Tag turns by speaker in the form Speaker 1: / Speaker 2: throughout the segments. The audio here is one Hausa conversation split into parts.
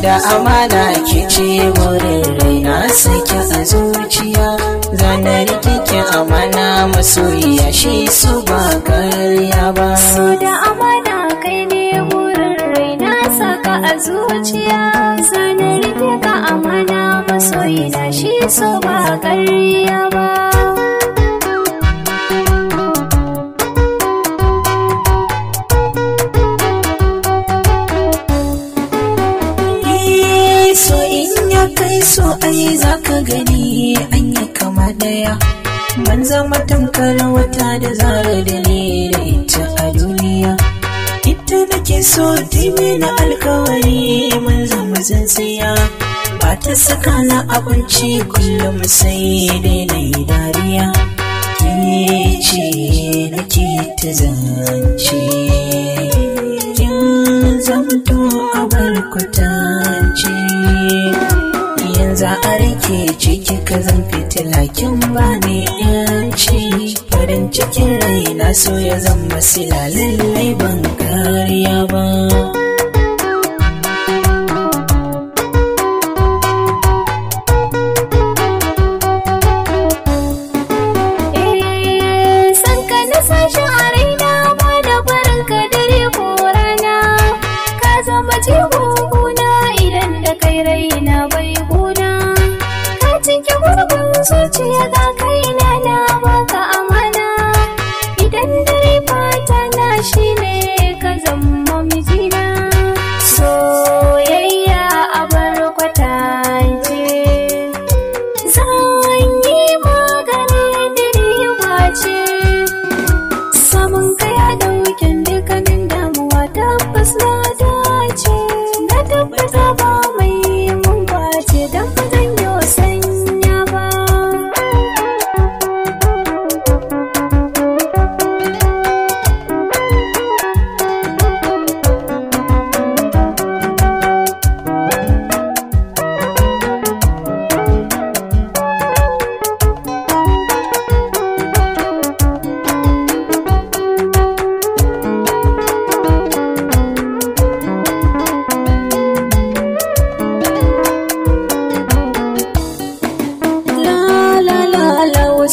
Speaker 1: da amana ki ce rai raina saki a zuciya zana rikikin amana masoyiya shi su ba karya ba Su da amana kai ne burin raina saka a zuciya
Speaker 2: zana rikikin amana masoyiya shi su ba karya ba
Speaker 1: kai so ai zaka gani an yi kama daya ban zama tamkar wata da zara da ne da ita a duniya ita nake so dimi na alkawari mun zama zanzaya. ba ta saka na abinci kullum sai dai na yi dariya ke ce nake ta zance kin zamto a barkuta ce ciki ka zan fitila kin ba ni yanci farin cikin raina so ya zama sila lallai ban kariya ba
Speaker 2: zuciya ga kaina na baka amana idan dare fata na shine ka zama mijina soyayya a bar kwatance zan yi maganin dare wace samun kaya da wukin dukkanin damuwa tabbas na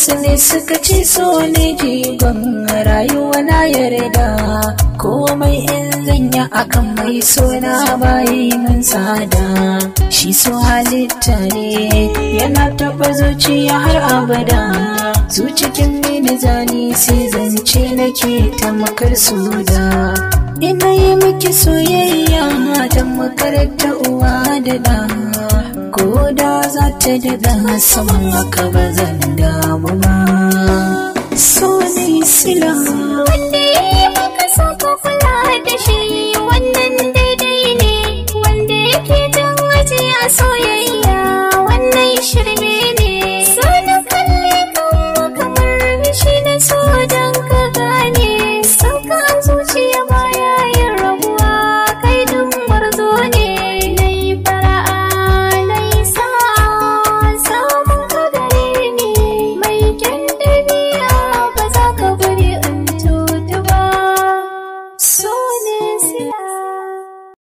Speaker 1: sune suka ce so ne jigon rayuwa na yarda komai in zanya akan mai na bayi mun tsada shi su halitta ne yana taba zuciya har abada zucikin mini zani sai zance nake tamakar da. ina yi miki soyayya matan makarar uwa da da? ko da za ta daga saman haka ba zan damu